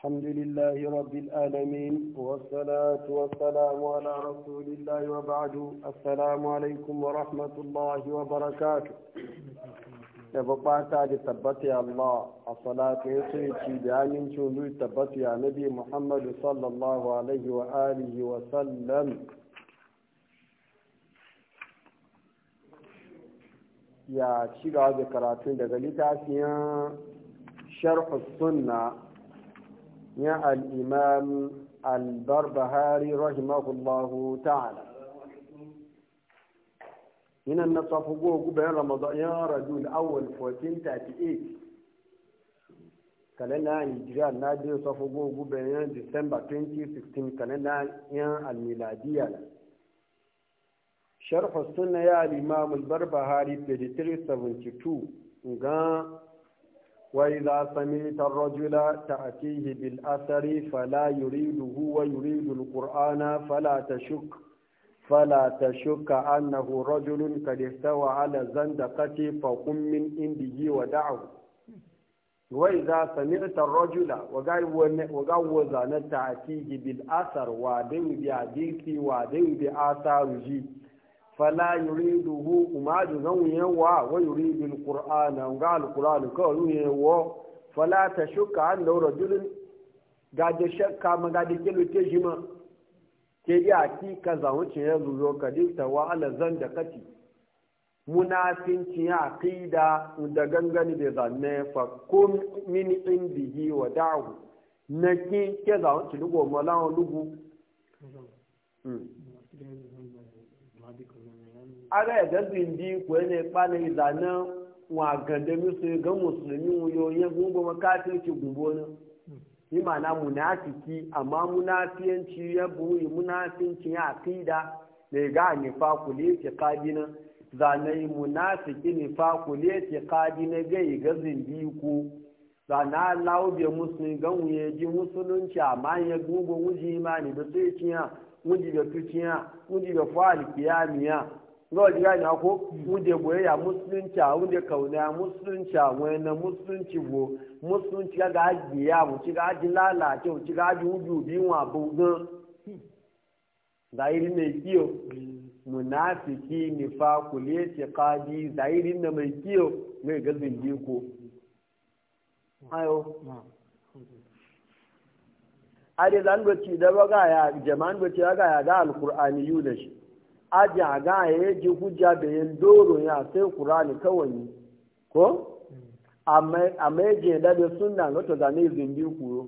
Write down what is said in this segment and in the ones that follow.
الحمد لله رب العالمين والصلاة والسلام على رسول الله وبعد السلام عليكم ورحمة الله وبركاته يبقى تعالى تبت يا الله الصلاة يسيتي بأمين شنو تبت يا نبي محمد صلى الله عليه وآله وسلم يا شيخ عبد هذا كراتين تاسيا شرح السنه يا الإمام البربهاري رحمه الله تعالى هنا النصف هو بين رمضان يا رجل أول 1438 kalenda hijira na je safo gogu bayan December 2016 kalenda yan almiladiya na sharh sunna ya al-imam ga وإذا سمعت الرجل تأتيه بالأثر فلا يريده ويريد القرآن فلا تشك فلا تشك أنه رجل قد احتوى على الزندقة فقم من عنده ودعه وإذا سمعت الرجل وقوز تأتيه بالأثر وعدين بحديث وعدين بآثاره fala yuriduhu umaju zanwiyen wa wa yuridu alqur'ana ga alqur'an ka ruye wo fala tashukka an da rajulun gaje shakka ma gaje kilo te jima ke ya ti ka zawun ce ya zuyo ka dikta wa ala zanda kati munafinci ya aqida da gangani da zanne fa kum min indihi wa da'u naki ke zawun ci lugo malawo lugu aga gazi ndi kwenye kpana na wa ganda musu ga musulmi yo ya gungo makafirci gumbo na ni mana munafiki amma munafiyanci ya buyi munafinci ya aqida ne ga ni fa kuli ti na zanai munafiki ni fa kuli ti qadina ga gazin ndi ku zana lawo be musulmi ga ji musulunci ya gungo zuwa ji gani ko wunde goyayya musulunci a wunde kauna musulunci a wani musulunci go musulunci ga gaji ya mu ci gaji lalace mu ci gaji wuju biyun wa bugun zahiri mai kiyo munafiki nifaku lece kaji zahiri na mai kiyo mai gazin jiko ayo a da zan gwaci da ba ga ya jama'an gwaci ga ya ga alkur'ani yu da shi aji a ga ya ji hujja da yin doro ya sai anyị kawai ko amma ya je da bai sunna na to zane zindi kuro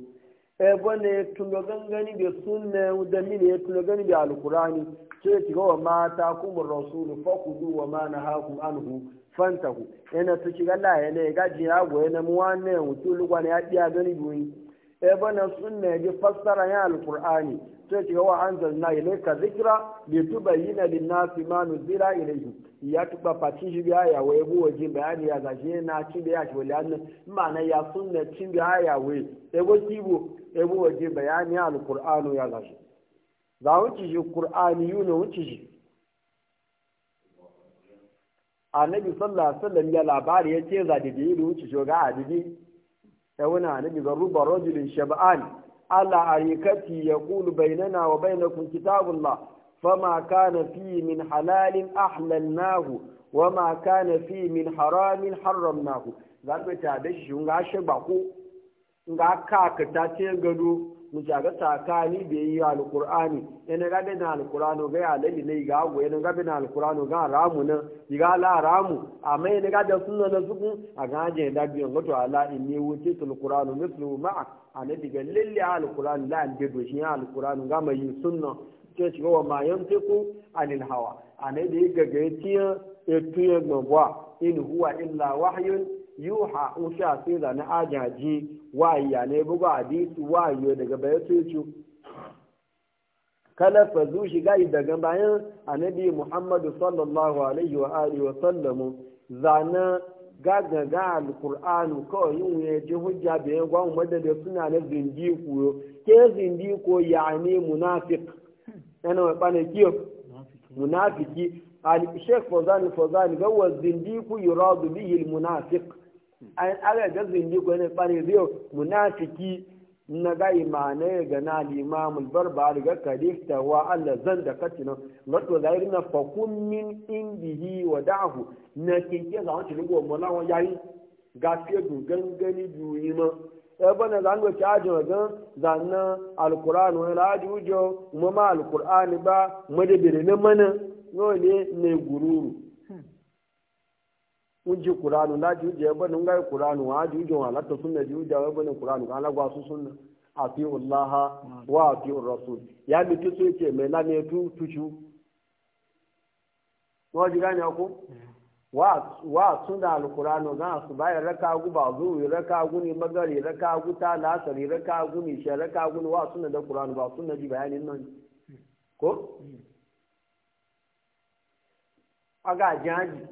ebe ne e tuno gangani da sunna da mini ya tuno gani da alkurani sai ki ga wa mata kuma rasulu fakudu wa ma na hakum anhu fantahu ga su shiga la yana ya gaji ya na ya kpịa gani ebana sunna ji fassara ya alqur'ani sai ce wa anzalna ilayka bi litubayyana lin-nasi ma nuzila ilayhi ya tuba fatin shi biya ya waye bu waje bayani ya gashi na ci da ya ci wala nan ma'ana ya sunna cin biya ya waye ego kibo ego waje bayani ya alqur'anu ya gashi za wuce shi qur'ani yuna wuce shi annabi sallallahu alaihi wasallam ya labari ce za da yi wuce shoga a didi yawon annabi ga ruba rajulin shab'an ala ayikati ya kulu bainana wa bainakum kitabullah fama kana fi min halalin ahlalnahu wa ma kana fi min haramin haramnahu zaka ta da shi ga shi ba ka ka ta ce gado mujaga tsakani da yi alkur'ani yana gabe na alkur'ano ga alali ne ga agwa yana gabe na alkur'ano ga ramu nan ga la ramu amma yana gabe sunna na suku a ga je da biyan wato ala inni wuti su mislu ma'a ana diga lilli alkur'ano la an dedo shi alkur'ano ga mai sunna ce ci wa ma yantiku anil hawa ana diga ga tiya etuye gbagwa in huwa illa wahyun yuha usha sha na ajaji wa ya ne bugu hadisi yo daga bayan tucu kala fazu shiga daga bayan annabi muhammadu sallallahu alaihi wa alihi wa zana zane ga alquran kawai yin ya ji hujja be ya gwamu madada suna na ko ke ko ya ne munafiq yana wa ɓana kiyo munafiki al shaykh fozani fozani gawa zindiku yuradu bihi al-munafiq an ala ga yi gwani ɓare biyu munafiki na ga imane ga na limamul barbar ga karifta wa Allah zan da katinan wato zahiri na fakun min indihi wa dahu na kinke za wancin rigo mola wa yayi fiye du gangani duyi ma ebana za ngo ta ajo ga zanna alquran wa la ajo ma ma alquran ba madabire na mana no ne ne gururu unji qur'anu la juje bani ngai qur'anu wa juje wa latta sunna juje wa bani qur'anu kan lagwa su sunna ati allaha wa ati rasul ya mi tu so yake mai lame tu tuchu wa ji gane ko wa wa sunna alqur'anu ga su bai raka gu ba zu raka gu ni magari raka gu ta lasari raka gu ni sha raka gu wa sunna da qur'anu ba sunna ji bayanin nan ko hmm. aga jaji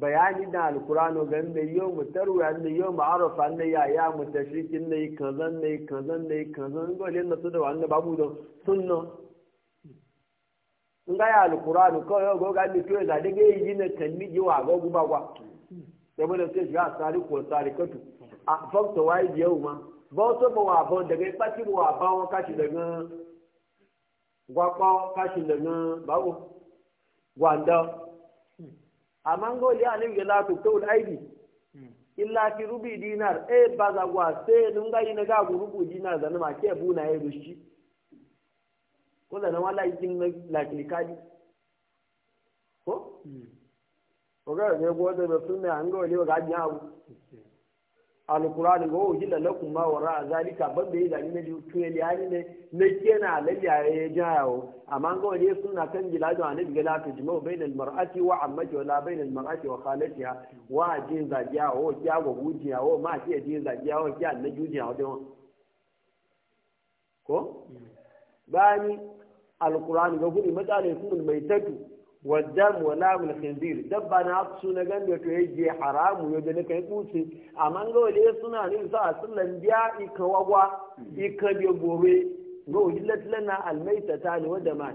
bayani da alkurano gan da yau mu tarwa da yau mu arafa ne ya ya mu tashrikin ne kazan ne kazan ne kazan na su wannan babu don sunna nga ya alkurano ko yau go ga ni to da daga yi ne kan ni ji wa go kwa da mun sai shi asali ko sari a fakta wai yau ma ba so ba wa ba pati wa ba daga amma ngo ya ne ga la to aidi hmm. illa ki rubi dinar e baza gwa se nun ga ina ga rubu dinar da ma ke buna ya e rushi ko da na wala yin la kilikali ko hmm. ko ga ne go da sunna an go le ga nyawu alkurani ga wajen da lakun ma wara ra'a zalika ban da yi zani na tuyali ya ne na kena lalya ya yi jayawo amma ga wani suna kan gilajo a nabi gala ta jima'u bai da mar'ati wa ammaki wala bai da mar'ati wa khalatiya wa jin zagiya wa kiya wa gujiya wa ma ke jin zagiya wa kiya na jujiya wa dawa ko mm. bani alkurani ga kudi matsalai sun mai tatu wajen wala mun khinzir dabba na su na ganda to yaje haramu yadda ne kai kuce amma ga wale suna ne sa sallan biya ikawagwa ikabe gobe ga wajilat lana almaita ta ne wada ma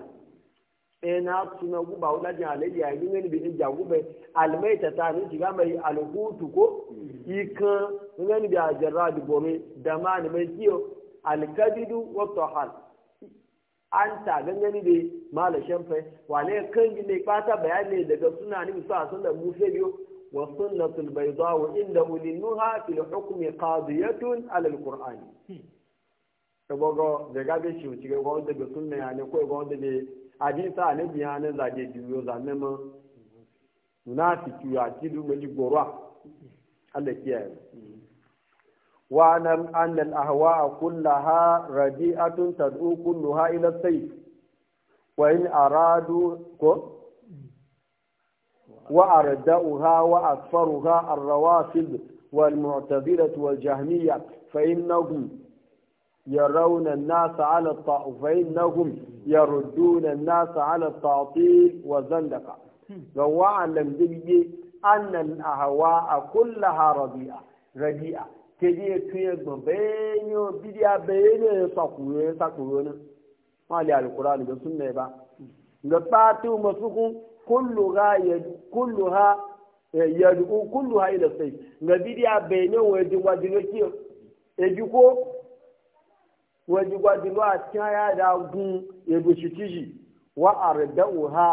eh na su na guba wala jin alayya yin ne bi ja gube almaita ta ne shiga mai alhutu ko ikan ne bi gobe da ma ne mai kiyo alkabidu wa tahal an ta gangani da mala shamfe wane kan ji mai bata bayani daga suna ni a sunan musa biyo wa sunnatul bayda wa inda ulinuha fil hukmi qadiyatun ala alquran sabogo hmm. daga be shi ci ga wanda be sunna ya ne ko ga wanda be hadisa ne biya ne za je juyo za ne ma hmm. munafiki ya ci du mai gora Allah kiyaye hmm. واعلم أن الأهواء كلها رديئة تدعو كلها إلى السيف وإن أرادوا وأردأها وأكفرها الروافد والمعتزلة والجهمية فإنهم يرون الناس على الط... فإنهم يردون الناس على التعطيل والزندقة وعلم أن الأهواء كلها رديئة رديئة tẹbi etu yẹn gbọ̀n bẹ́ẹ̀ ni o bídí abẹ́yẹ ní ẹ̀yẹ sàkúrò ẹ̀yẹ sàkúrò ni wọ́n lè alukoro àlùbẹ́ sún mẹ́ ha kúlù ha ha ilẹ̀ sẹ́yìn nga bídí abẹ́yẹ ní wọ́n ẹ̀dùn wájú ló kí o ẹ̀dùn kó wọ́n da gun ẹ̀dùn ṣìṣìṣì wọ́n àrẹ̀dẹ́wò ha.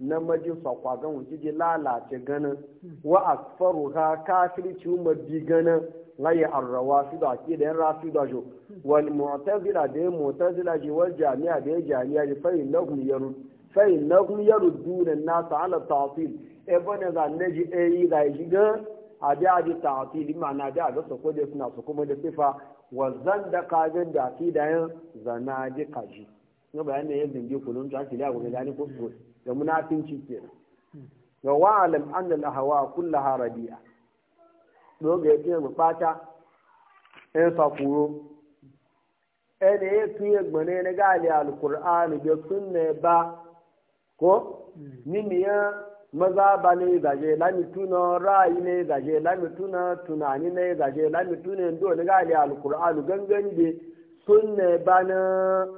na majin sakwa wuce lalace ganin wa asfaru ha ci umar bi ganin laye arrawa su da ake da yan rasu da jo wal mu'tazila da yan mu'tazila ji wal jami'a da yan jami'a ji fayin lahum yarud fayin lahum yarudduna nasa ala ta'til e bane za ne ji e yi da ji a ji abi ta'til na da ga sako da suna su kuma da sifa wa da kajin da akidayen zanaji kaji no bayan ne yin dinge kulun ta kila go da ni ko da munafinci kenan wa wa'alam anna al-ahwa kullaha rabi'a ga yake mu fata en fakuro ene eh, ye tuye gbane na gali al da sun sunne ba ko nimi ya maza ba ne gaje lami tuna ra'ayi ne gaje lami tuna tunani ne gaje lami tuna ndo ne gali al-qur'an gangan be sunne ba na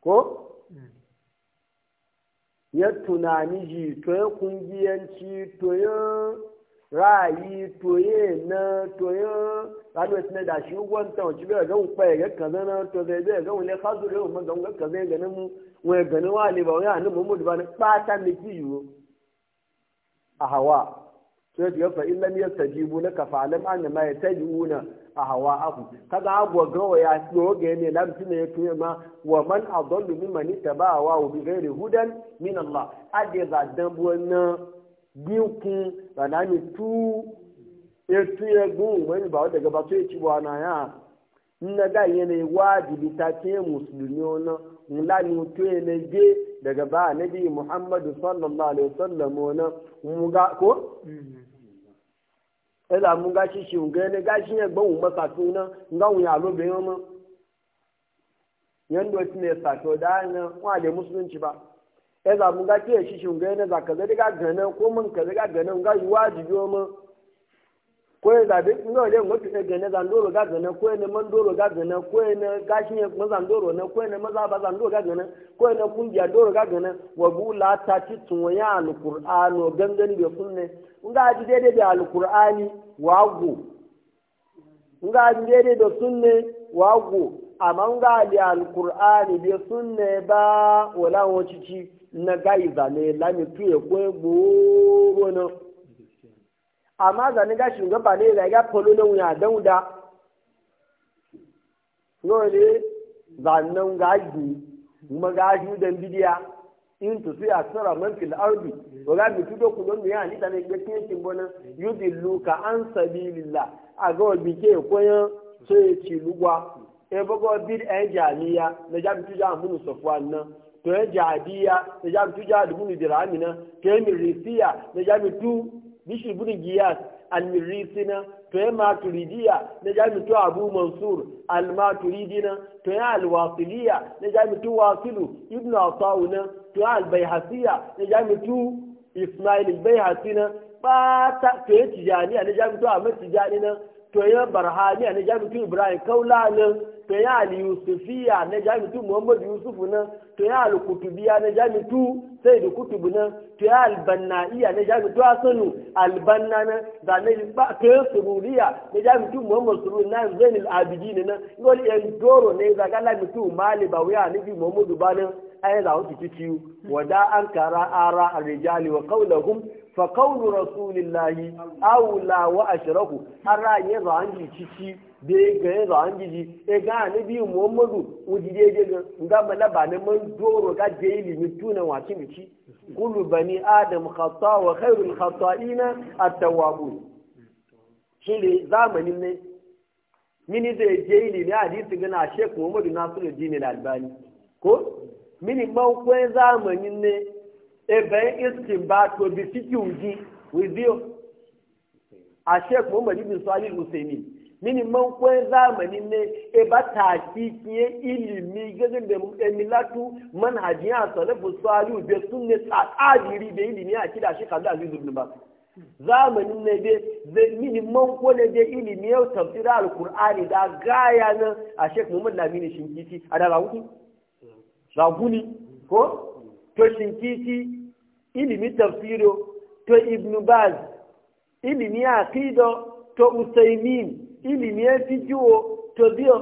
ko ya tunani ji to ya kungiyanci to ya ra'ayi to ya na to ya ranar na da shi gwanta wacce bai ga un kwaye ga kaza na to zai zai ga wani hazu da mun zan ga kaza ya ganin mu wani ganin wani ba wani hannun mu ba na ɓata mai kiyo a hawa sai ya fa illam yastajibu laka fa alam anna ma yatajuna a hawa abu kada agwa gawa ya yoge ne lamti ne ya tuye ma wa man adallu mimman ittaba'a wa bi ghairi hudan min Allah ade za dan buwanna biku banani tu etuye gun wen ba daga ba to ci bwana ya nna da yene wajibi ta ce musulmi ona nla ni to ne je daga ba nabi Muhammadu sallallahu alaihi wasallam ona mu ga ko mm-hmm. ela mu ga shishi nga ne ga shi ne gbohun mu ka tuna nga wuya lo be mu yan do tine sa to da na kwa da musulunci ba ela mu ga ke shishi nga ne za ka ga daga gana ko mun ka daga gana nga yi kwe zabe ngo le ngo tuna gane zandoro gane kwe ne mandoro ga gane kwe ne gashin ma zandoro ne kwe ne maza ba zandoro gane kwe ne kungiya doro gane wa ta ci tunya alqur'ano gangani be kunne nga ji daidai da alqur'ani wago nga ji daidai da nga ọchịchị na gaiza na lami ekwe amma zane ga shugaba ne da ga falo na wuya dauda no ne zannan gaji kuma gaji dan bidiya in to sai asara man fil ardi wa ga bitu do ku don ni tane ga tin tin bona yudillu ka an sabilillah a ga bi ke koyan sai ci lugwa e bago bid en jamiya na jabi tu ja mun sofwan nan to en jadiya na jabi tu ja dubun diramina ke mi risiya na jabi tu bishir ibn giyas al-mirrisina to ya maturidiya na jami'tu abu mansur al-maturidina to ya al-wasiliya na jami'tu wasilu ibn atawuna to ya al-baihasiya na jami'tu ismail al-baihasina ba ta to ya tijaniya na jami'tu ahmad tijani na to ya barhaniya na jami'in ibrahim kaula nan to ya al-yusufiya na jami'in muhammad yusufu nan to ya al na jami'in sai da kutubu nan to ya al na jami'in asanu al albanna nan da na ba to ya sururiya na jami'in Muhammadu sururi na zainul abidin nan ngol en doro ne da kala mutu mali ba wuya nabi muhammadu ba nan ai za su ci ciwo wada an kara ara ar-rijali wa qawluhum fa kaunu rasulillahi awla wa ashraku ara ye za anji cici be ga ye za anji ji e ga ne bi muhammadu uji de de ga mala ba man doro ga je ilimi tuna wa kimi ci kullu bani adam khata wa khairul khata'ina at-tawwabun shine zamanin ne mini zai je ilimi hadisi gana shek muhammadu nasiruddin al-albani ko mini man kwen zamanin ne ebe iskin ba to bi ji, uji with you a sheik muhammad ni salih usaini mini man kwen zamani ne e ba ta kiye ilimi gagin da emilatu manhajin a salafu ube be sunne tsadiri da ilimi a kida shi kaza aziz ibn ba zamanin ne be mini man kwen da ilimi yau tafsira alqur'ani da gaya nan a sheik muhammad lamini shinkiti a da raguni ko to shinkiti ilimi tafsiro to ibnu baz ilimi aqido to usaimin ilimi fikiwo to biyo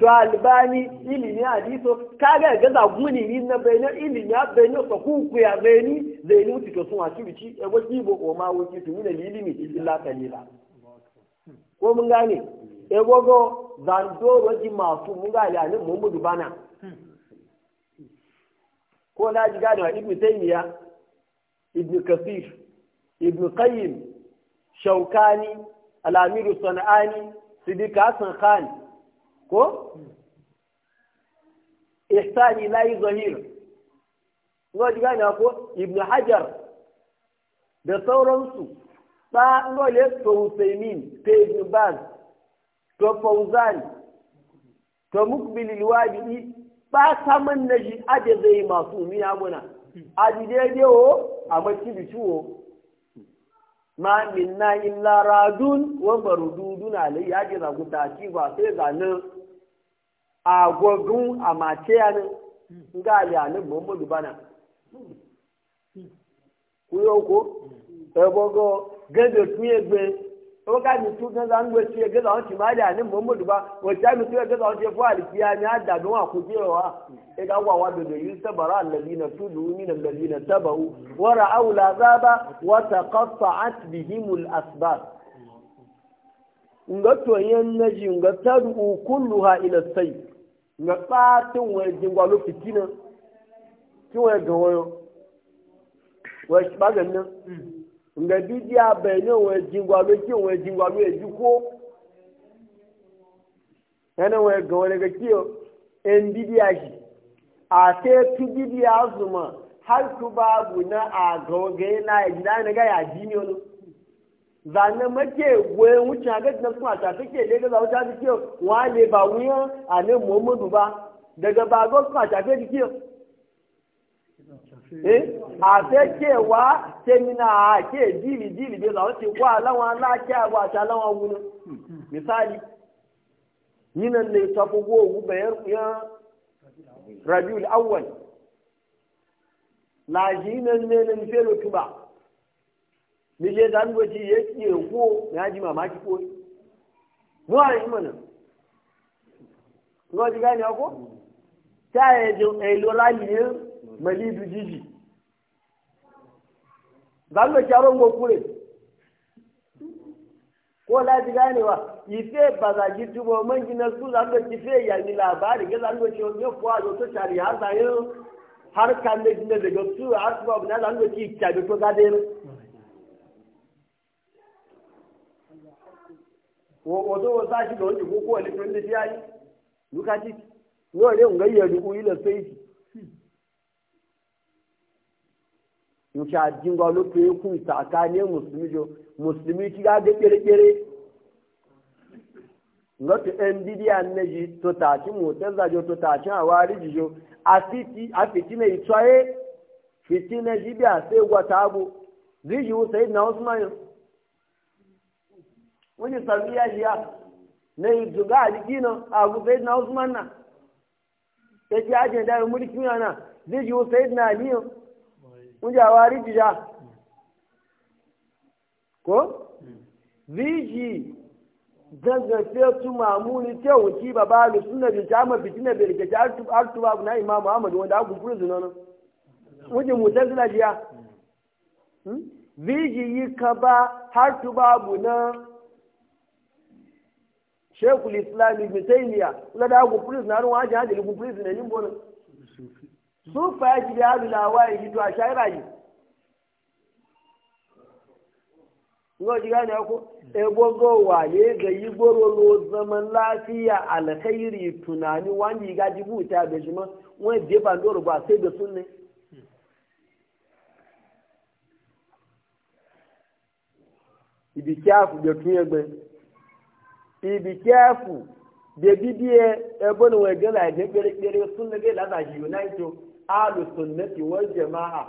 to albani ilimi hadiso kaga ga za guni ni na bayna ilimi ya bayna ko ku ya bayni zaini mutu to sun asu bici e go kibo ko ma wo kitu ni ilimi illa kalila ko mun gane e go go zan do roji masu mun ga ya mu mu bana ko na ji gane wa ibn taymiya ibn kasir ibn qayyim shaukani alamiru sana'ani sidika hassan khan ko ihsani layi zahir ko ji gane ko ibn hajar da sauransu ba ngole to usaimin to ibn baz to fauzan to mukbil alwajibi ba ta man na shi aje zai masu umiya muna a daidai wo a maki da wo ma minna illa radun wa marududun alayhi aje za ku tashi ba sai zanin agogun a mace yanin ga yanin muhammadu bana kuyo ko ebogo gẹ́gẹ́ tún ko ka mi tu kan zan go ci ga zan ci ma da ni muhammadu ba wa ta mi tu ga zan ci fa alkiya ni adda don wa ku jewa e ga wa wa da yi sabara alladina tudu min alladina tabu wa la zaba wa taqatta'at bihim al'asbab nga to yan naji nga tadu kulluha ila sayy nga patin wa jingwa lo fitina ki wa ga wayo wa ba nan hmm. nga bidiya bai ne wa jingwalo ki wa jingwalo e e ya jiko yana wa ga wani ga kiyo en bidiya shi a te tu bidiya zuma har kuba babu na a ga na yana e ya gida na ga ya ji ne wani zanne make goyen wuce ga na kuma ta ke ne ga zawuta ta kiyo wale ba wuya ane ne muhammadu ba daga bago kuma ta take kiyo Eh, àfẹ́kẹ̀wá tẹ́mínà àkẹ́ dìlì dìlì bí làwọn ti wá láwọn aláàkẹ́ àwọn àti aláwọn wúnú mìsáàlì yínà lè sọ fún owó òwú bẹ̀yẹn rabiul awwal làjì yínà lè ní fẹ́rẹ̀ òtúbà níjẹ́ ìdánwòjì yẹ kí ní ájí màmá ti kó wọ́n àyìn mọ̀nà wọ́n ti gáyìn ọkọ́ tí a ẹ̀jọ̀ èlò láyìí malidu jiji zan da kyaron gokure ko laji ganewa ife ba za ki dubo man gina su zan da fe ya ni labari ga zan da ne ya kuwa zo to tari har yo har kan ne gina daga su har su mu na zan da ki kyabi to gade ne wato wasa shi da wani ko ko alifin da shi yayi lokaci yau ne ngai ya duku ila sai nci ajingwa lokacin ya kun tsakanin musulmi jo musulmi ci ga da kirkire ngoto ndidi anneji to tachi muteza jo to tachi awari jijo afiti afiti ne itwaye fitine jibi ase gwa tabu ziji usai na onye usman wani sabiya jiya ne iduga alikino agu sai na usman na e ta ji ajin da mulki mụrụ ziji usai na na anyị. wunja wari jija ko viji zazzafe su mamuni ce wuci ba ba da suna bin jama fitina bai rike ta tu babu na imam muhammad wanda aku kuri zuna nan wuje mutan suna jiya hmm? viji yi ka ba har tu babu na shekul islam ibn taymiya kula da aku kuri zuna nan wajen hajjali kun kuri yin bonan sufa ya ji ya zula wa yi a shayar yi ngo ji gane ko wa ne ga yi lo zaman lafiya alkhairi tunani wani ga jibuta da jima wani je ban doro ba sai da sunne ibi kyafu da tun egbe ibi kyafu da bibiye ebe na alusunnati wal jama'a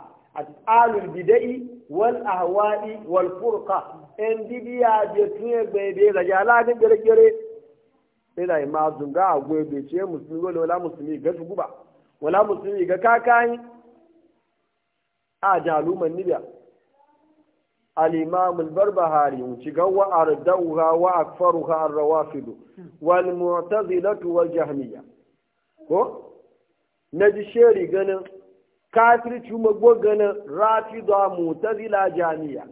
alul bidai wal ahwa'i wal furqa en dibiya je tuye be be la ya la ga gere gere be dai ma zunga agwe be che musulmi wala wala musulmi ga tuguba wala musulmi ga kakai a jalu man nibiya al imam al barbahari mun ci gawa ardauha wa akfaruha ar rawafid hmm. wal mu'tazilatu wal jahmiyya ko na ji sheri ganin kafirci magbo ganin rafidwa mutazila jami'a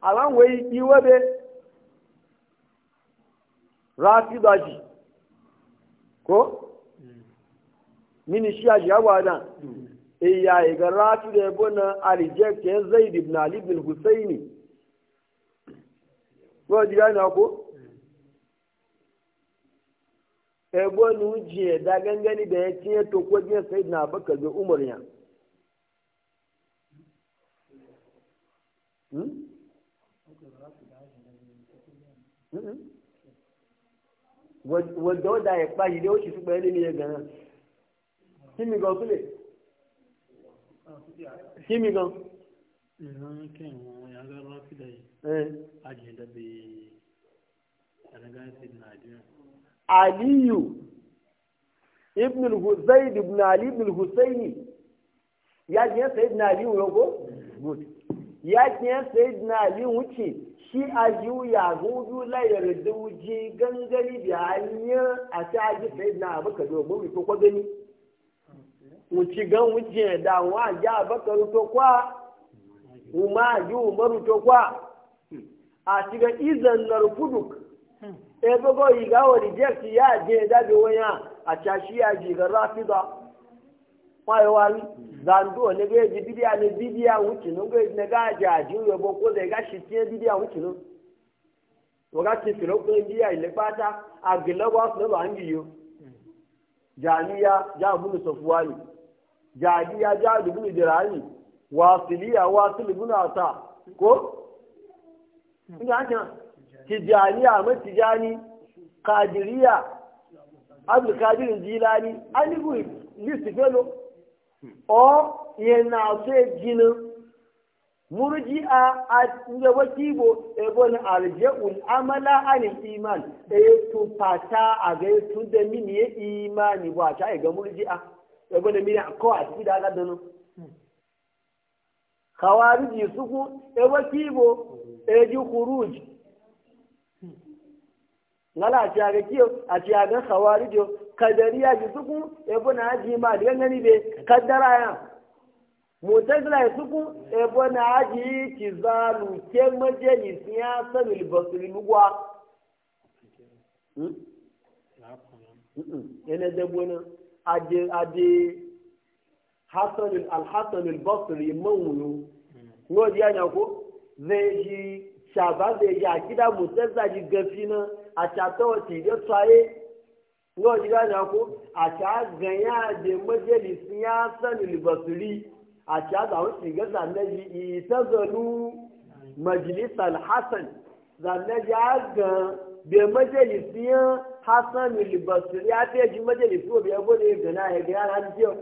a ran wai iwe be rafidwa ji ko mini shi a ji hawa nan iya iga eh, rafidwa ya bona a reject yan zaid alibin ali ibn husaini ko ji gane ko ebo ni ujiye da gangani da ya cinye to ko jiya sai na baka zo umar ya wadda ya da ne ya gana kimi gan sule kimi gan ìran kẹwọn ya gara yìí aliyu ibn الحسين ابن علي ali ibn يا husayni سيدنا علي sayyidina ali يا good ya علي وكي ali wuce shi ajiyu ya gudu la yarda wuce gangari da hanyar a ta aji sayyidina abubakar domin kwa gani wuce gan wuce da wa ja abubakar to kwa umar yi umaru to kwa a shiga izan narkuduk ebogo yiga o reject ya je dabe wanya a cashi ya ji ga rafida kwaye wa zando ne ga ji bidiya ne bidiya wuce ga ne ga ja ji yo bo ko ga shi tie bidiya wuce nun to ga ti firo ko ile pata a gele wa so ba ngi yo janiya ja bu so jadiya ja du bu ko tijaniya matijani kadiriya abdulkadir jilani alibu list felo o yana so gina Murji a gaba kibo ebon arje'ul amala anil iman da e ya tufata a ga tun da mini ya imani ba ta ga e a, ebon da mini ko a cikin da aka dano khawariji suku ebo kibo e ji kuruji ngala ati aga kiyo ati aga khawarijo Kadari ji suku ebo na aji ma diga ngani be kadara ya mutazila ya suku ebo na aji ki zalu ke maje ni siyasa bil basri lugwa yana da na aje aje hasan al hasan al basri mawlu hmm. ngodi yana ko zai ji shaba zai ji akida mutazila ji gafi na àti àtọ́wọ̀tì ètò ayé ní ọ̀jìgá ìyàkó àti àgànyà àdè mọ́jẹ́lì sí yá sẹ́nu àti àtàwọn ìgbésà mẹ́jì ìtẹ́zọ̀lú mọ̀jìlì sàlẹ̀ hasan sàmẹ́jì àgàn bẹ̀ mọ́jẹ́lì sí yá hasan àti àfẹ́jì mọ́jẹ́lì sí òbí ẹgbọ́n ní gànà ẹgbẹ́ ara ń jẹ́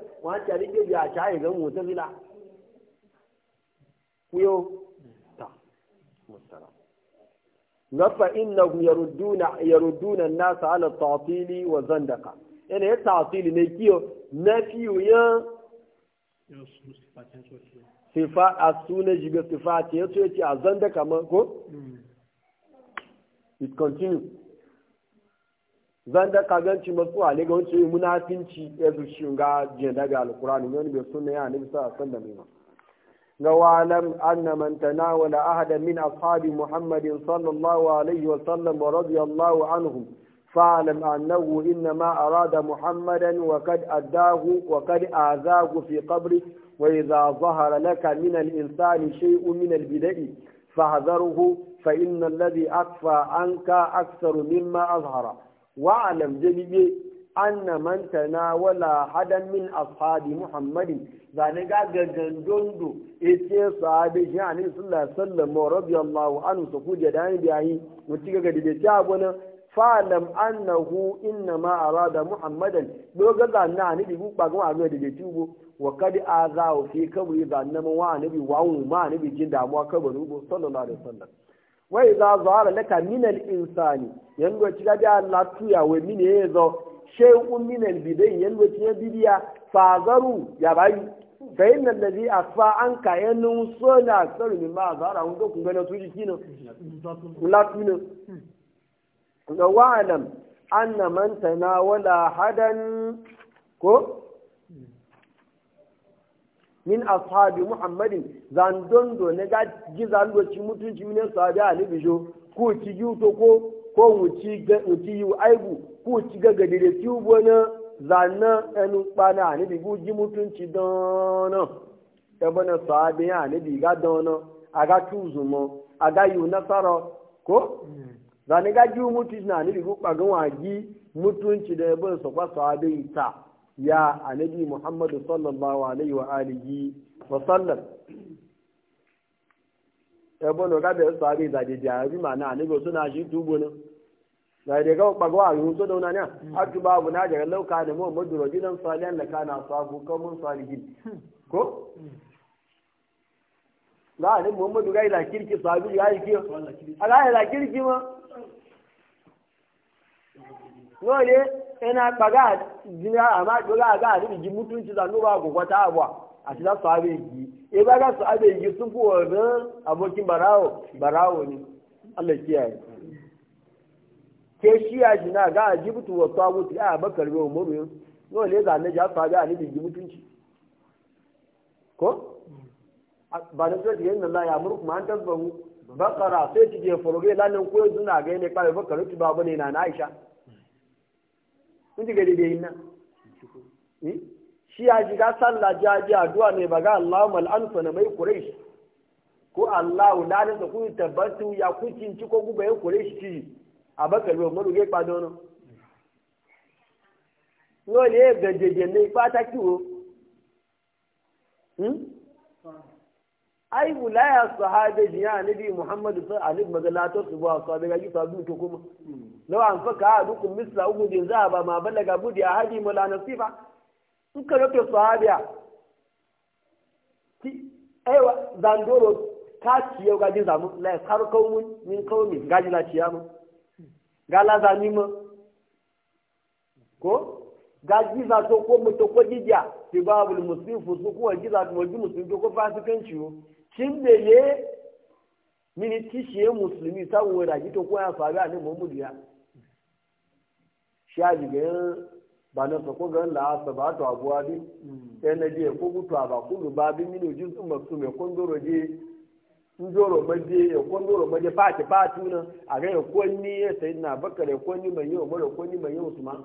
nafa innahu yarudduna yarudduna na nas ala ta'tili wa zandaka ene ya ta'tili ne kiyo nafiyu ya sifa suna jibe sifati yato yace a zandaka man ko hmm. it continue zandaka ganci masu ale ga wancan munafinci ya zuci ga jiyan daga alkurani ne bai sunna ya a san da wasallam ga walam anna man tanawala ahada min ashabi muhammadin sallallahu alaihi wa sallam wa radiyallahu inna ma muhammadan wakad kad addahu wa kad azahu fi qabri wa idza zahara laka min al insani shay'un min al bida'i fahdharuhu fa inna alladhi akfa anka aktharu mimma azhara wa'alam anna man tanawala hadan min ashabi muhammadin zane ga gangan dondo ite sahabi shi ani sallallahu alaihi wasallam radiyallahu anhu to kuje da ni biyi muti ga gadi ta gona lam annahu inna ma arada muhammadan do ga zanna ani bi bu bagun a ga dide tubo wa kad azau fi kabri zanna ma wa ni bi wa ma ni bi jin damuwa kabaru bo sallallahu alaihi wasallam wa idza zara laka min al insani yango ci ga da Allah tuya we mine yazo shay'un min al-bidai yalwati ya bidiya fazaru ya bayi fa inna alladhi asfa an ka yanu sona sarin mimma azara hun ko kun ga na tuji kino latino ga wa'alam anna man tanawala hadan ko min ashabi muhammadin zan do ne ga ji zan ci mutunci min sahabi ali bijo ko ci yuto ko ko wuci ga wuci yu aibu ku ci ga gadi da ki wani zanna ɗan kpana a nabi ku ji mutunci dana ta bana sahabi a ga dana aga ga tuzu mo a ga yi nasara ko zane ga ji mutunci na nabi ku kpagan wagi mutunci da ya bin sa kwa sahabi ta ya a nabi muhammadu sallallahu alaihi wa alihi wa sallam ta bana ga da sahabi zaje jari ma na nabi na shi tubu ne na da ga bago a rubuto da wani hatu abu na daga lauka da muhammadu rajulan salihan da kana sabu kamun salihin ko za a nemi muhammadu ga ila kirki sabu ya yi kiyo a ga ila kirki ma lole ina baga a amma dole ga a rubuji mutunci da nuba ko kwata abuwa a shi za su abe yi e ba ga su abe yi sun fi wa abokin barawo barawo ne Allah kiyaye ke shi shi jina ga ajibutu wa tawuti a bakar bai umaru yau yau ne ga na jafa ga ni bi mutunci ko ba da sai yin nan ya murku man tasbahu bakara sai ci ke foroge lanan ko na ga ne kawai bakar tu ba bane na Aisha kun ji gari bai nan ya hmm? shi ga sallah jaji addu'a ne ba ga Allahumma al'anfa na mai shi ko Allahu la da ku tabbatu ya kucin ci ko gubayen ya shi ci abakari umaru ge kpa dɔɔnɔ n'oli ye gɛdɛdɛ ne ipa taki wo hmm ayi wulaya sahabe jiya anabi muhammadu sa alif magalato su ba su abin gaji sabu to kuma law an faka adukum misla uhudin zahaba ma balaga budi ahadi mala nasifa in ka roke sahabiya ki, aiwa zandoro ka ciyo gaji zamu la karkaumun min kaumin gaji la ciyamu ga laza nima ko ga jiza to ko mu to ko jiya ti babul musifu su ko jiza to ji musulmi to ko fasikan ciwo cin da ye mini tishiye musulmi sabu wai raji to ko ya faru a ne muhammadu ya sha jiga ba na sako ga la sa ba to abuwa bi mm. sai na je ko mutuwa ba kullu ba bi mini jin maksum ya kondoro je ndoro maje ya ko ndoro maje fati fati na a ga ya ko ni ya sai na abakara ya ko ni mai yau mara ko ni mai yau usman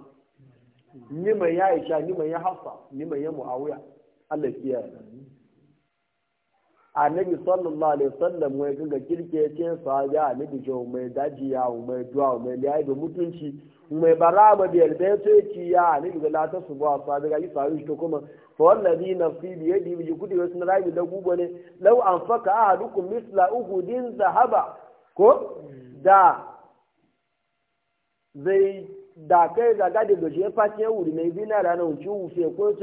ni mai ya aisha ni ma ya hafa ni ma ya muawiya Allah kiya annabi sallallahu alaihi wasallam wai ga kirke ce sahabi annabi jo mai daji ya mai duwa mai liya mai bara ba biyar da ya e ci ya ni daga lata su ba fa daga yi faru shi to kuma fa wallazi nafsi bi yadi bi kudi wasu na rayu da gubo ne law an faka ahadukum misla uhudin zahaba ko da zai da kai da gadi da wuri mai bina da nan ci ko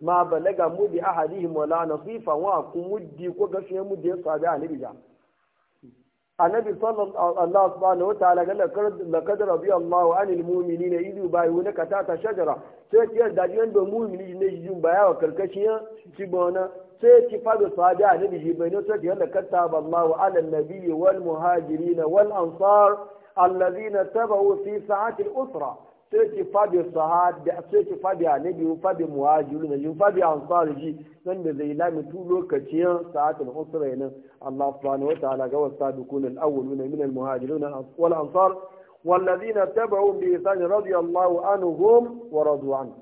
ma balaga mudi ahadihim wala nasifa wa kumuddi ko sabi anibi النبي صلى الله سبحانه وتعالى قال لقد رضي الله عن المؤمنين إذ يبايعون كتات شجرة سيتي الدجين بمؤمن يجيون بايع وكركشيا تبانا سيتي فاد صادع النبي جبينه سيتي هذا كتاب الله على النبي والمهاجرين والأنصار الذين تبعوا في ساعات الأسرة sai ki fabi sahabi sai ki fabi annabi fabi muhajiru na yin fabi ansari ji nan da zai lami tu lokacin sa'atul usra nan Allah subhanahu wa ta'ala ga wasabiquna al-awwaluna min al ansar wal ladina والذين bi بإحسان radiyallahu anhum wa radu an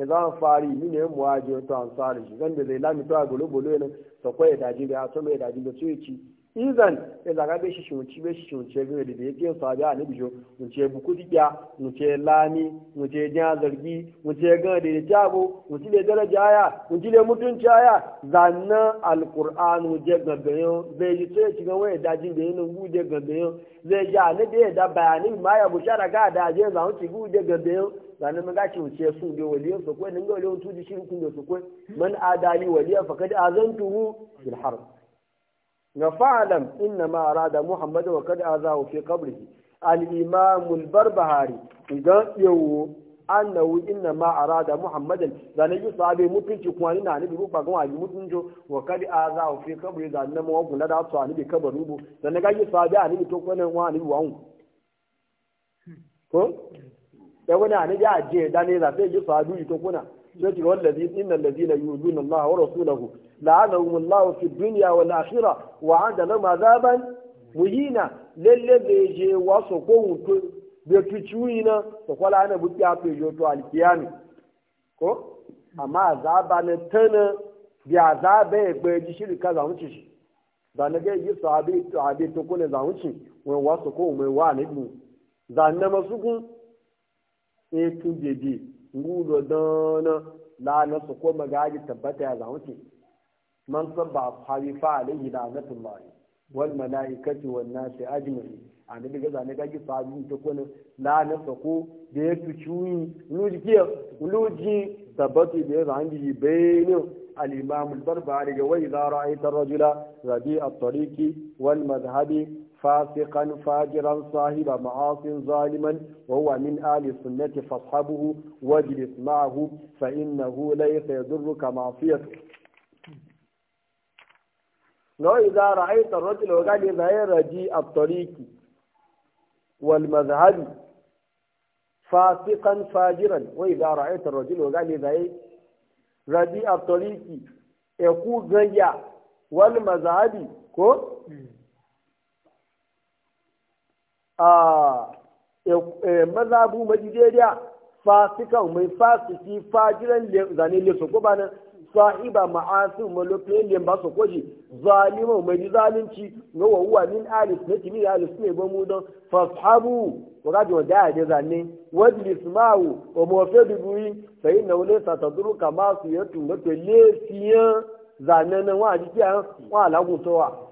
idan fari min yan ta to ansari shi zan da zai lami to a gulo gulo ne sakwai da jibi a to mai da jibi to yi ci izan ilaga be shi shunci be shi shunce e e e be da da yake so ga ne bijo muce buku diya nuce lami nuce jan zargi nuce ga da jabo muce da daraja aya muce da mutunci aya zanna alqur'anu je gaggayo be yi sai ci ga waye dajin da yin guje gaggayo zai ja ne da da bayanin ma ya bushara ga da je za mu ci guje gaggayo zanna mun ga ci muce sun da waliyan so ko ninga waliyan tuji kun da so ko man adali waliya faqad azantuhu bil harb na fa'alam inna ma arada muhammadu wa a zawo fi kabri al-imam bar barbahari idan yawo annahu inna ma arada muhammadan zane yi sahabe mutunci kuma ni na nabi rufa kuma yi mutunci wa za a fi qabri da nan mawa guna da su anabi kabaru rubu zane ga yi sahabe a to kwanan wa anabi wa ko da hmm. wani anabi a je da ne za sai yi sahabe to kuna sai wallazi innal ladina yu'minuna Allah wa rasulahu la'anahum Allah fi dunya wal akhirah wa 'ada lahum azaban muhina lalle da je waso ko wuto be tucuyina to kwala ana buki a pejo to ko na ga yi sabi to abi to kone za mu ci ko mai wa ne bu za na masu kun e tun bebe ngulo dana la na su ko magaji tabbata ya zaunce man san sabba ashabi fa alayhi la'natullahi wal malaikati wan nasi ajma'in an daga zane gaji sabu ta ko la na su ko da ya tuci luji ke luji tabbata da ya zangi bayanin al-imam al-barbari ga wai za ra'aita rajula rabi at-tariqi wal madhhabi فاسقا فاجرا صاحب معاص ظالما وهو من آل السنة فاصحبه واجلس معه فإنه ليس يضرك معصيته لو إذا رأيت الرجل وقال إذا يرجي الطريق والمذهب فاسقا فاجرا وإذا رأيت الرجل وقال إذا رجيء الطريق يقول غيا والمذهب كو a ah, eh, eh, mazabu majidariya fasika mai fasiki fajiran zane ne su kuma nan sahiba ma'asu malofin ne ba su kwaji zalima mai zalunci na wawuwa min alif na kimi alif ne ba mu don fashabu wa gaji wa daya da zane wajen ismawu wa mawafe dubuyi sai na wule sa ta duru kama su ya tumbato lefiyan zane nan wa jikiya wa alagun sowa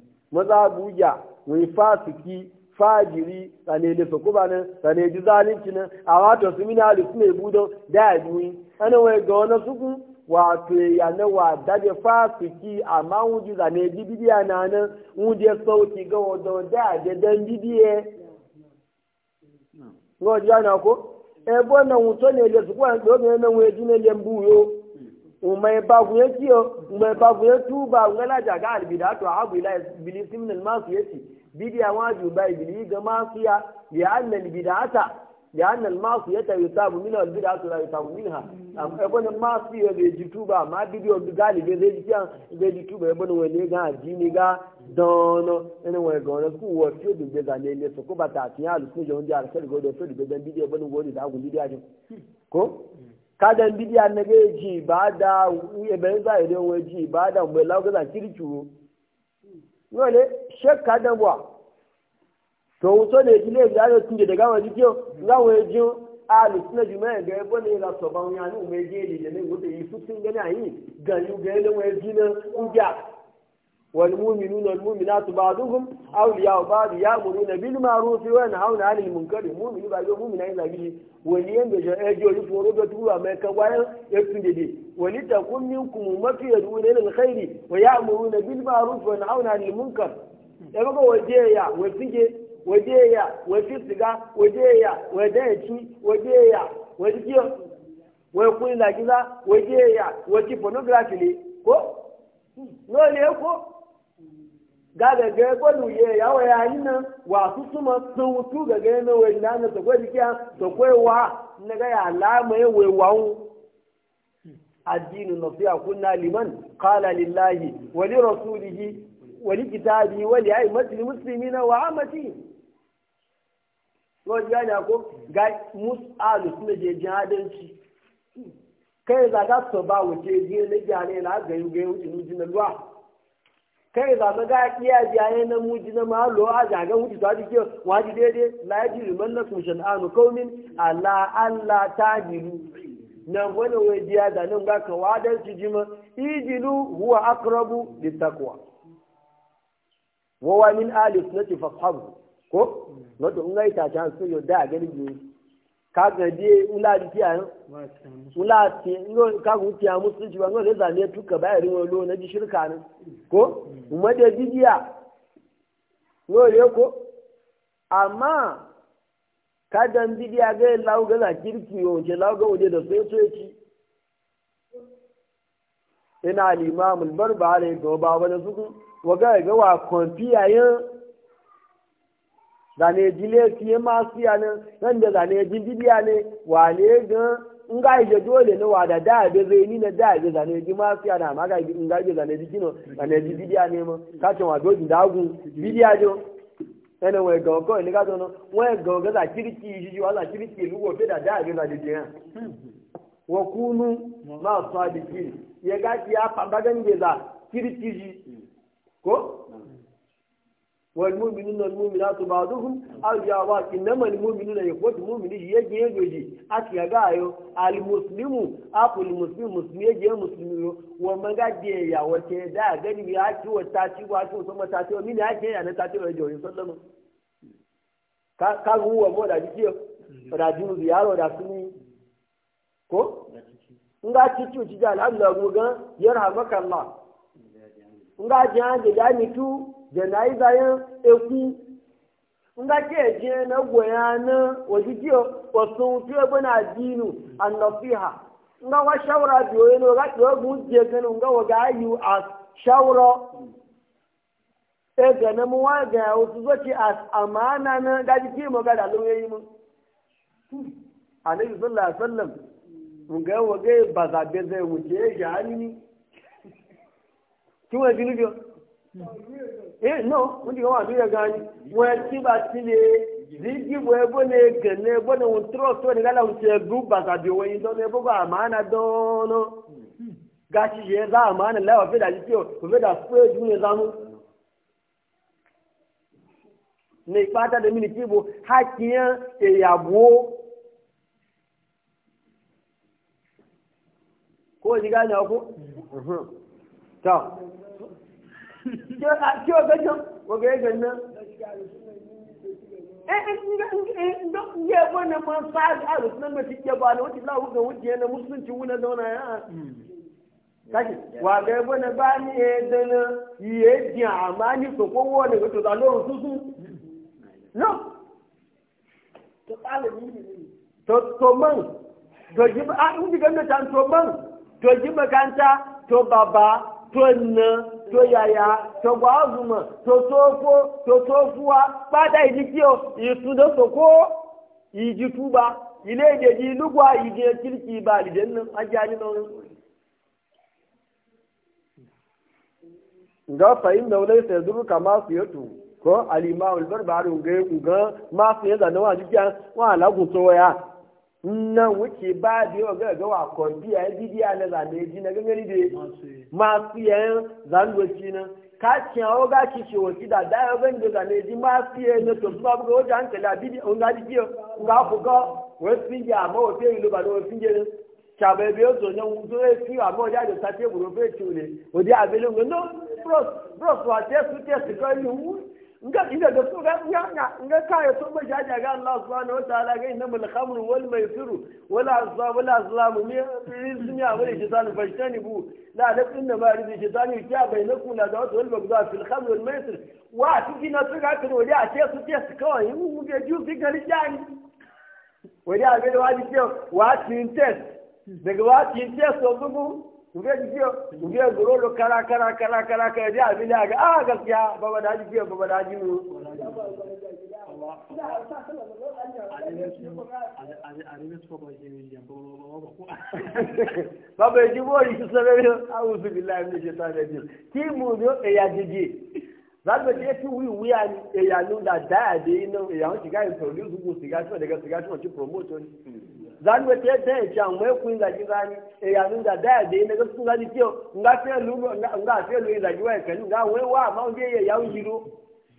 maza buya fasiki fajiri da nan ji zalunci nan a wato su mina da su ne budon da ya biyu ana wai ga wani suku wato ya na wa daje fasiki amma wuji zane ji bidiya na nan wuje sauki ga wadda da ya dan bidiye ga wajen ko ebe wannan wuto ne da su kuwa da ne ụmụ babu ya ciyo umai babu ya tuba ngala jaga albida to abu ila iblis min almasu yati bidiya waju ba iblis ga masiya bi anna albidata bi anna almasu yata yusabu min albidatu la yusabu minha am e bon ma bidiyo bi galibe ji kan zai eji e bon wani ga ajini ga dono ene wa ga ona ku wa fiyo bi be zane le so ko bata ti alu ku jo di kadan bidiya na ga ji ba da ya bai za ji ba da bai lauka za kirki wo yole shakka da wa to wuto ne ji ne ya tun wani kiyo za mu ji alu suna ne ga ya ni ne ne mu da yi su sun ayi ga ne ga ne mu na uja والمؤمنون والمؤمنات بعضهم أولياء بعض يأمرون بالمعروف وينهون عن المنكر المؤمن بعد المؤمن أين لقيه وليم يجي يفور بتقول ما كواي يفندي ولتكن منكم أمة يدعون إلى الخير ويأمرون بالمعروف وينهون عن المنكر يبقى وجيا وفيجي وجيا وفيسجا وجيا ودنشي وجيا وجيا ويقول لك لا وجيا وجي pornography ko no ne ko gaga ga gwadu ye yawa ya yi nan wa su suma sun wutu ga ga yana wai na na sakwai jikiya sakwai wa na ga ya alama ya wai wa addinin nasiya kunna liman qala lillahi wa li rasulihi wa li ya wa li musulmi na wa amati ko ji ga ko ga mus'alu suna je jadanci kai za zaga so ba wuce je ne jane na ga yu ga na jinu luwa kai za mu ga iya biyaye na muji na malo a jagan wuce to haji kiyo waji daidai la yaji man nasu shan'anu kaumin ala allah tajiru nan wani wai biya da nan ga ka wadan su jima ijilu huwa akrabu littaqwa wa wa min ali sunnati fashabu ko wato in ga ita ta sun yau da ganin biyu ka die ula di tiya eh? ula ti ngo ka gu tiya musulunci ba ngo leza ne tuka ba irin wolo na ji shirka ne ko kuma da bidiya ngo le ko amma di bidiya ga lawo ga kirki yo je lawo ga wode da sai e so yaci ina al-imam al-barbari ga baba bada su wa ga e gawa wa konfiya yin eh? zane ji laifi masu ya nan da zane ne wane in ga ije na wada da abe zai ni na da abe zane ji masu na amma ga ga ije zane ji zane ji ma ka ce wa dojin da agun bibiya jo ga ko ne ka zono na ga ga za kirki ji wala kirki da da zane ji ya wa ma sadiqin ya ya za kirki ji ko والمؤمنون والمؤمنات بعضهم أرجع بعض إنما المؤمنون يقوت المؤمن يجي يجي أتي يجايو المسلم أقول المسلم مسلم يجي مسلم وما قد يا وتدا قد بيأتي وتاتي وأتي وثم تاتي ومن يأتي أنا تاتي ويجي ويسلم كان هو مو راجيو راجيو زيارة رسمي كو nga ci ci ci da alhamdulillah gogan yarhamaka Allah nga ji an da mitu janaiza yan eku ekwu ke na goya na wajijiyo wasu fiye na dinu an nasiha nga shawara biyo yana ga ɗaya guje gani nga wa ga yi a shawara e na mu ga wasu zoci a amana na gaji ke mu ga da sallallahu alaihi wasallam nga eh no mun diga wa duya gani mo ti ba ti le zigi mo e ne gane bo ne un trust ne gala un te gruba ka bi wo yin do ne bo ba amana do no gashi je za amana la wa fe da ji o fe da fe ju ne zamu ne ipata da mini kibo hakiyan eyabo ko ji gane ko ta kí o gbẹ́jọ́ ògè ẹgbẹ̀ náà. Ndé ẹgbẹ́ náà máa ń sá àrùn náà mẹ́tì jẹba ni wọ́n ti láwù gan wọ́n jẹ́ náà mùsùlùmí ti wú náà dánwó náà ya Káṣí wà gẹ́ ẹgbẹ́ to man, to to baba, to tó yaya tó gbà ọ̀zùmọ̀ to tó kó tó tó fún pátá ìdí tí o ìtúndó ìdí túba ilé ìdèjì lúgbà ìdí kìrìkì ìbà àlìjẹ́ nínú ajé nínú nga fahim da wani sai zuru ka ma su yato ko alima ulbar barun ga ga ma su yanzu na wa jikiya wa na wuce ba da yawa ga gawa kwanfi a yi bidiya na zane na gangari da masu yayin zanwaci nan ka ciya wa ga ci ce wasu da da yawa gani da zane ji masu yayin na tosu ba buga wajen hankali a bidiya un gaji biyo ga ku ga wasu finge a mawa fiye ba da wasu finge ne cabai biyo so nan wuzo ya fi a mawa da sa teburu fiye ciwo ne wajen abin lungun no bros bros wa tesu tesu kan yi nga ina da su ga nga nga ka ya to ba jaja ga Allah subhanahu wa ta'ala ga inna bil khamr wal maisir wal azab wal azlam mi rizmi wa shaitan fashtani bu la da inna ma da shaitan ya bainakum la dawat wal bagda fil khamr wal maisir wa ti gina su ga kan wadi a ce su ce su kawai mu ga ju fi gari jani wadi a ga da wadi ce wa tin test daga wa tin test so bugu nge jikiyo kara kara kara kara kara ji abin ga ah gaskiya baba da ji biyo baba da ji mu baba ji sabe billahi ki mu yo ya ya nu da da e ya ti ga introduce go siga siga ti zan wata yadda ya ce amma e ya nun da daya nga fe lulu nga fe lulu zagi wa kali nga wai wa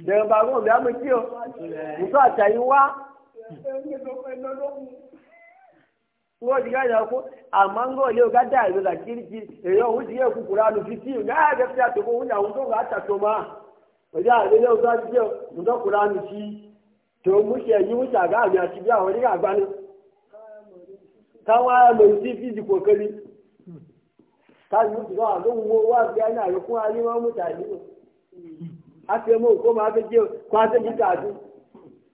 ya ba go da mu ta yi wa ngo ya ko ngo le ga da e yo ku nga ga ta to ko hunya hundo ga ta to ma wajen le yo káwá lòun tí fi ìdìbò kẹ́lí káàdì mọ́tò náà àgbo wo wá bí i náà yọkún ayé wọn mú tàbí o àfẹ́ mọ́ òkú máa fẹ́ jẹ́ kó a tẹ́jú káàdì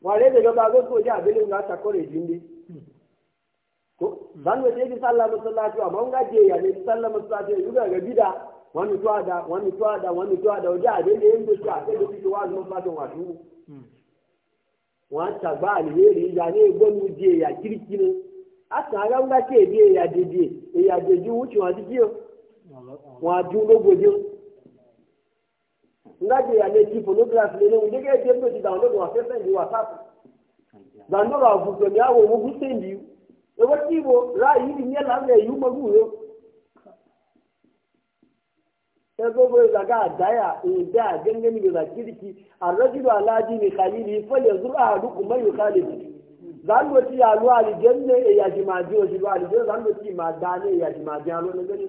wọn àlẹ́ ìdẹ̀jọba agbẹ́kọ̀ ojú àbẹ́lẹ́ ńlá sakọ́rẹ̀ ìdí ko ya ne sallah masallaci ya yuga ga bida wani tuwa da wani tuwa da wani tuwa da wajen abin da yin da tuwa sai da fito wa ya ne ya kirki asaga ngati ebi eyadidi eyadidi wuti wadidiyo wadu logodio ngati yaleji photograph lele ngeke ejembe ti download wa sesendi wa tatu download wa vuto ni awo wugu sendi ewo tibo la yidi nye la nge yuma guyo ebogo zaga adaya inda gengeni ga e kiriki arrajulu ala dini khalili falyazur ahadukum man yukhalifu zango ti ya lu alijanna e ya ji maji o e ji lu alijanna zango ti ma da ne ya ji maji alo ne gani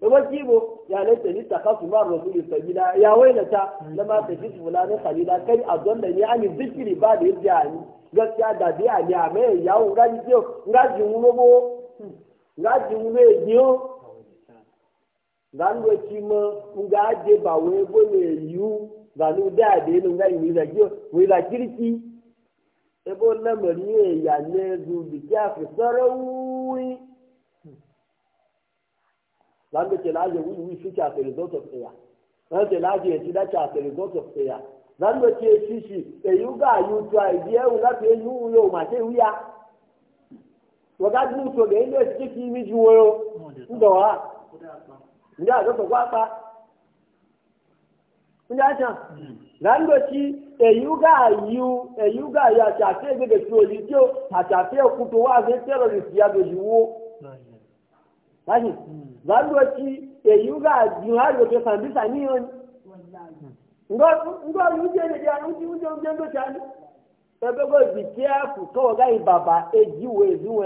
to ba kibo ya laita ta, takasu ma rasuli sabila ya wailata hmm. lama ta ji fulana salila kai azalla ni ani zikiri ba da yadda ni gaskiya da bi ani a me ya u ga ji o ga ji mu bo hmm. ga ji mu ne ji o zango ti nga je ba we bo ne yu zanu da de no ga ni da ji o we kirki ebe lamari ne ya n'ezu biki afi sarawuyi landa ce laje wuyi wuyi suke as a result of prayer landa ce laje yaci dace as a result of ga yi a aidi ewu lati eyi uyo ma ce wuya waga dun so ga ile ciki miji woyo ndawa ndọ a gasa kwa akpa ndị acha hmm. na ndochi eyuga ayu eyuga ayu achafe gege tuoli tio achafe kuto ya dojiwo eyuga sambisa niyo yuje ya uje uje ndo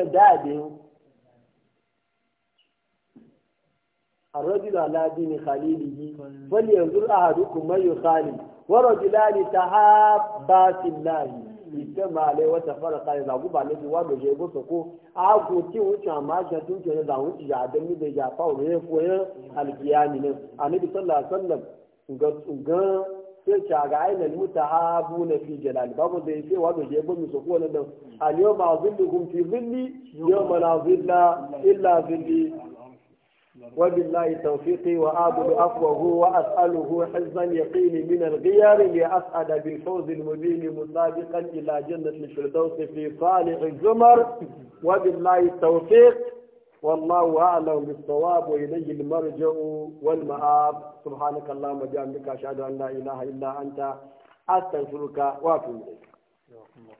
الرجل على دين خليله فلينظر أحدكم من يخالل ورجلان تحابا في الله ìtẹ́mà alẹ́ wọ́n ti fọ́nà kalẹ̀ làwọn bá níbi wà lóye ebó sọ́kó aago tí wọ́n ti àmà ṣe tó ń jẹ́ ní làwọn da yà á dẹ́nu lè yà fáwọn olóyè fún ẹ alìkìyà nìyẹn àníbi sọ́là sọ́là ǹgán ṣé ṣàgà àìlẹ̀ ní múta ààbò nà fi jẹ̀ lálẹ́ báwo lè ṣe wà lóye ebó mi sọ́kó lọ́dọ̀ àníyàn máa fi lùkùn fi وبالله توفيقي وآبد أفوه وأسأله حزا يقيني من الغيار لأسعد بالفوز المبين مسابقا إلى جنة الفردوس في صالح الزمر وبالله التوفيق والله أعلم بالصواب وإليه المرجع والمآب سبحانك اللهم وبحمدك أشهد أن لا إله إلا أنت أستغفرك وأتوب إليك